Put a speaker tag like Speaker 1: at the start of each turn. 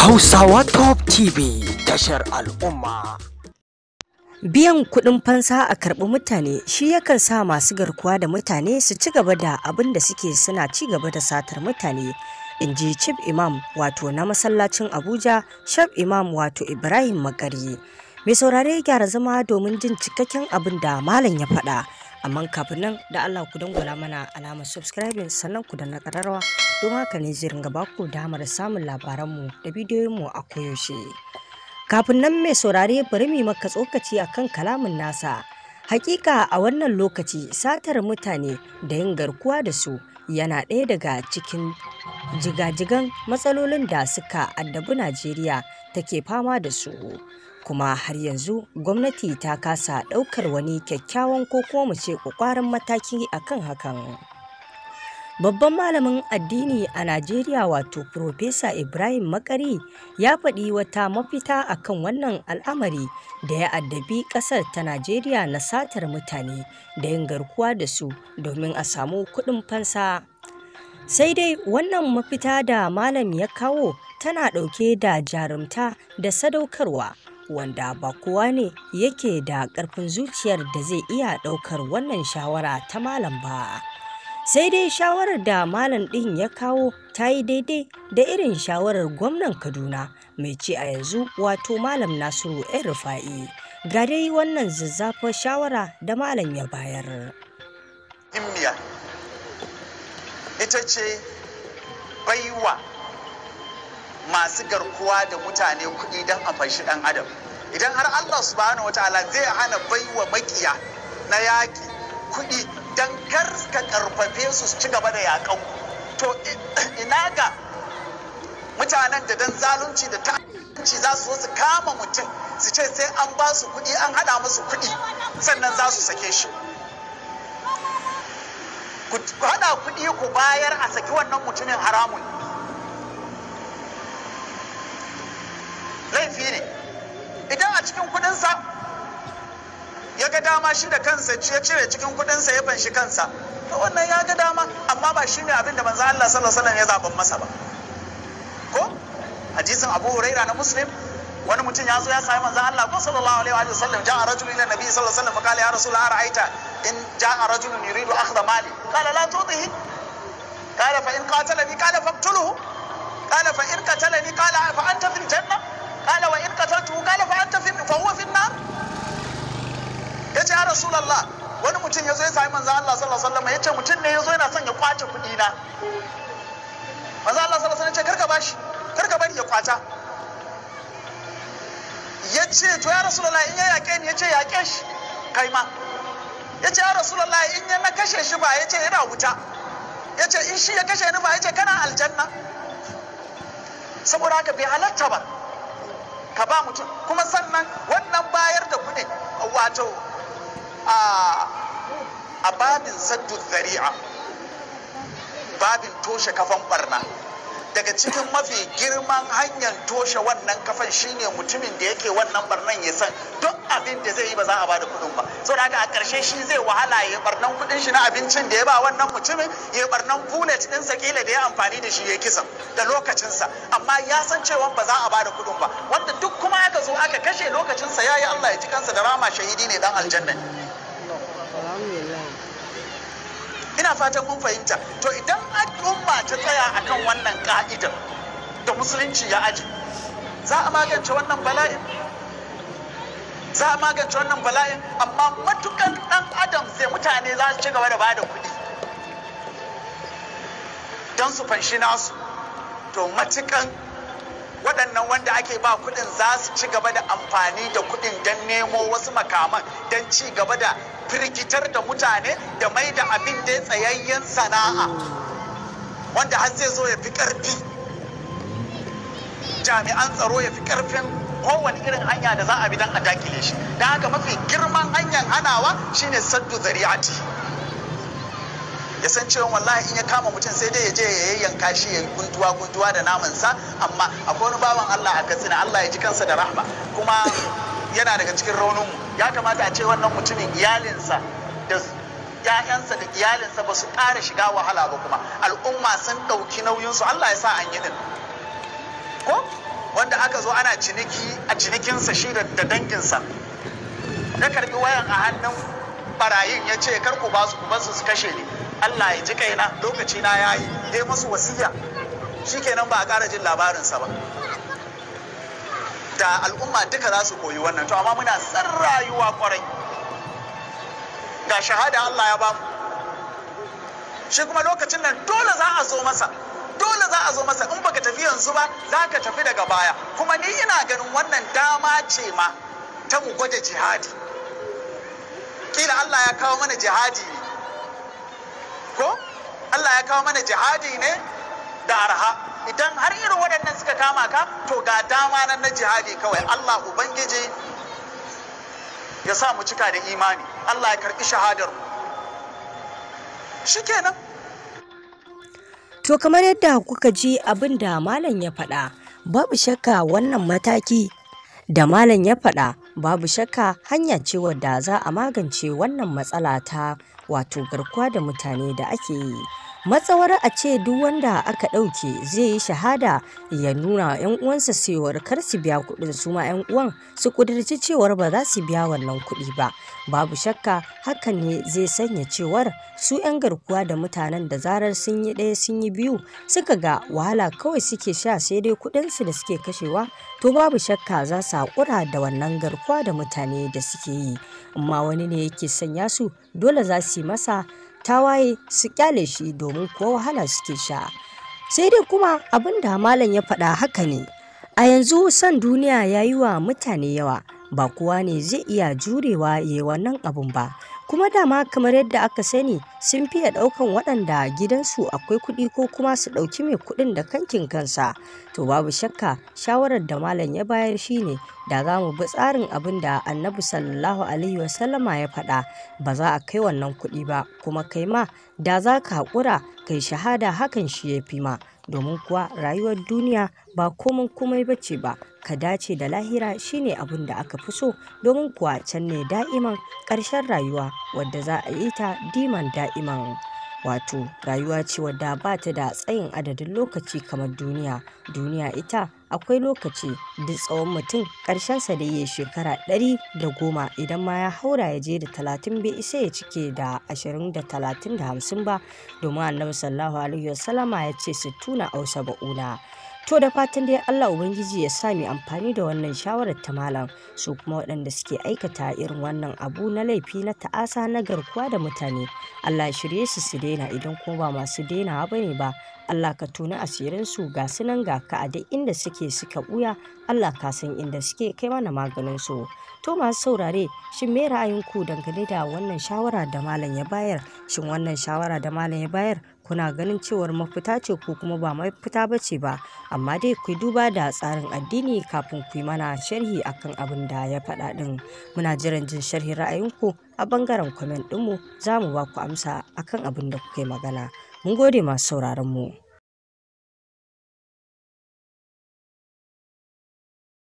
Speaker 1: Hausawa Top TV tashar al'umma. Biyan kuɗin fansa a karɓi mutane shi yakan sa masu garkuwa da mutane su ci gaba da abin da suke suna ci gaba da satar mutane. In ji Chief Imam wato na masallacin Abuja, Chief Imam wato Ibrahim Makari. Mai saurare gyara zama domin jin cikakken abin da malam ya faɗa. Amma kafin nan da Allah ku dangwala mana alamar subscribing sannan ku na ƙararrawa don haka ne zai ringa ko damar samun labaranmu da bidiyoyinmu a koyaushe. Kafin nan mai saurare bari mu maka tsokaci akan kalamin nasa. Hakika a wannan lokaci satar mutane da yin garkuwa da su yana ɗaya daga cikin jigajigan matsalolin da suka addabi Najeriya take fama da su. Kuma har yanzu gwamnati ta kasa ɗaukar wani kyakkyawan ko kuma mu ce ƙwaƙwaran mataki akan hakan. Babban malamin addini a Najeriya wato Profesa Ibrahim Makari ya faɗi wata mafita akan wannan al'amari da ya addabi ƙasar ta Najeriya na satar mutane da yin garkuwa da su domin a samu kuɗin fansa. Sai dai wannan mafita da malam ya kawo tana ɗauke da jarumta da sadaukarwa. wanda ba kowa ne yake da ƙarfin zuciyar da zai iya ɗaukar wannan shawara ta malam ba. sai dai shawarar da malam ɗin ya kawo ta yi daidai da irin shawarar gwamnan kaduna mai ci a yanzu wato malam nasiru yan rufa'i ga dai wannan zazzafa shawara da malam ya bayar
Speaker 2: immiya ita ce baiwa masu garkuwa da mutane kuɗi don a ɗan adam idan har allah subhanahu wa ta'ala zai hana baiwa makiya na yaƙi kuɗi don kar ka karfafe su ci gaba da yakan to ina ga mutanen da don zalunci da ci za su zo su kama mutum su ce sai an ba su kuɗi an haɗa musu kuɗi sannan za su sake shi ku haɗa kuɗi ku bayar a saki wannan mutumin haramun laifi ne idan a cikin kuɗinsa ya ga dama shi da kansa ya cire cikin kuɗinsa ya fanshi kansa to wannan ya ga dama amma ba shi ne abin da manzo Allah sallallahu alaihi ya zaban masa ba ko hadisin Abu Huraira na Muslim wani mutum ya zo ya sami manzo Allah ko sallallahu alaihi wa sallam ja'a rajulun ila nabi sallallahu alaihi wasallam fa ya rasul Allah ra'aita in ja'a rajulun yuridu akhdha mali qala la tudihi qala fa in qatalani qala faqtuluhu qala fa in qatalani qala fa anta fil janna qala wa in qataltuhu qala fa anta fi fa huwa fi an-nar ya ce ya rasulallah wani mutum ya zo ya sami manzan Allah sallallahu alaihi wasallam ya ce mutum ne ya zo yana son ya kwace kuɗi na manzan Allah sallallahu alaihi wasallam ya ce karka bashi karka bari ya kwata ya ce to ya rasulallah in ya yaƙe ni ya ce yaƙe shi kai ma ya ce ya rasulallah in ya na kashe shi ba ya ce yana wuta ya ce in shi ya kashe ni ba ya ce kana aljanna saboda haka bai halatta ba ka ba mutum kuma sannan wannan bayar da kuɗi wato a babin saddu zari'a babin toshe kafan barna daga cikin mafi girman hanyar toshe wannan kafan shine mutumin da yake wannan barnan ya san duk abin da zai yi ba za a bada kudin ba so da a karshe shi zai wahala ya barnan kudin shi na abincin da ya ba wannan mutumin ya barnan bullet din sa kila da ya amfani da shi ya kisan da lokacinsa amma ya san cewa ba za a bada kudin ba wanda duk kuma aka zo aka kashe lokacin lokacinsa yayi Allah ya ji kansa da rama shahidi ne dan aljanna ina fatan mun fahimta to idan al'umma ta tsaya akan wannan ka'ida da musulunci ya aji za a magance wannan bala'in za a magance wannan bala'in amma matukan dan adam sai mutane za su ci gaba da bada kuɗi don su fanshi nasu to matukan waɗannan wanda ake ba kuɗin za su ci gaba da amfani da kuɗin don nemo wasu makaman don ci gaba da firgitar da mutane da mai da abin da ya tsayayyen sana'a wanda har zai zo ya fi ƙarfi jami'an tsaro ya fi ƙarfin kowane irin hanya da za a bi don a dakile shi da haka mafi girman hanyar hanawa shine saddu zari'ati ya san cewa wallahi in ya kama mutum sai dai ya je ya yanka shi ya guntuwa guntuwa da naman sa amma akwai wani bawan Allah a katsina Allah ya ji kansa da rahma kuma yana daga cikin raunin mu ya kamata a ce wannan mutumin iyalinsa da ‘ya'yansa da iyalinsa ba su ƙara shiga wahala ba kuma al'umma sun ɗauki nauyinsu Allah ya sa an yi din ko wanda aka zo ana ciniki a cinikinsa shi da danginsa na karbi wayan a hannun barayin ya ce kar ku ba su su kashe ni Allah ya ji kaina lokaci na yayi dai masu wasiya shikenan ba a ƙara jin labarinsa ba da al'umma duka za su koyi wannan to amma muna san rayuwa kwarai ga shahada Allah ya bamu shi kuma lokacin nan dole za a zo masa dole za a zo masa in baka tafi yanzu ba za ka tafi daga baya kuma ni ina ganin wannan dama ce ma ta mu gwada jihadi kila Allah ya kawo mana jihadi ne ko Allah ya kawo mana jihadi ne da arha idan har irin waɗannan suka kama ka to ga dama nan na jihadi kawai Allah ubangiji ya sa mu cika da imani Allah ya karɓi shahadar shi shikenan
Speaker 1: to kamar yadda kuka ji abin da malam ya faɗa babu shakka wannan mataki da malam ya faɗa babu shakka hanya ce wadda za a magance wannan matsala ta wato garkuwa da mutane da ake yi. matsawar a ce duk wanda aka ɗauke zai yi shahada ya nuna yan uwansa cewar kar su biya kuɗin su ma yan uwan su kudirci cewar ba za su biya wannan kuɗi ba babu shakka hakan ne zai sanya cewar su yan garkuwa da mutanen da zarar sun yi ɗaya sun yi biyu suka ga wahala kawai suke sha sai dai kuɗin su da suke kashewa to babu shakka za su haƙura da wannan garkuwa da mutane da suke yi amma wani ne yake sanya su dole za su yi masa tawaye su kyale shi domin kuwa wahala suke sha sai dai kuma abin da malam ya faɗa haka ne a yanzu san duniya ya yi wa mutane yawa ba kowa ne zai iya jurewa ya yi wannan abun ba kuma dama kamar yadda aka sani sun fiye ɗaukan waɗanda gidansu akwai kuɗi ko kuma su ɗauki mai kuɗin da kankin kansa to babu shakka shawarar da malam ya bayar shine da za mu bi tsarin abin da annabi sallallahu alaihi wasallama ya faɗa ba za a kai wannan kuɗi ba kuma kai ma da za ka haƙura kai shahada hakan shi ya fi ma domin kuwa rayuwar duniya ba komai komai bace ba ka dace da lahira shine abin da aka fi so domin kuwa can ne da'iman ƙarshen rayuwa wadda za a yi ta diman da'iman wato rayuwa ce wadda ba ta da tsayin adadin lokaci kamar duniya duniya ita akwai lokaci duk tsawon mutum ƙarshensa da ya shekara ɗari da goma idan ma ya haura ya je da talatin bai isa ya cike da ashirin da talatin da hamsin ba domin annabi sallallahu alaihi wasallama ya ce sittuna au saba'una To da fatan dai Allah Ubangiji ya sa amfani da wannan shawarar ta malam su kuma waɗanda suke aikata irin wannan abu na laifi na ta'asa na garkuwa da mutane. Allah ya shirye su su daina idan kuma ba masu daina ba ne ba. Allah ka tuna asirin su ga su nan ga ka a duk inda suke suka buya Allah ka san inda suke kai mana maganin su. To masu saurare shin me ra'ayinku dangane da wannan shawara da malam ya bayar? Shin wannan shawara da malam ya bayar kuna ganin cewar mafita ce ko kuma ba mafita ba ce ba amma dai ku duba da tsarin addini kafin ku yi mana sharhi akan abin da ya faɗa ɗin muna jiran jin sharhi ra'ayinku a bangaren kwamen ɗinmu za mu ba ku amsa akan abin da kuke magana mun gode masu sauraron mu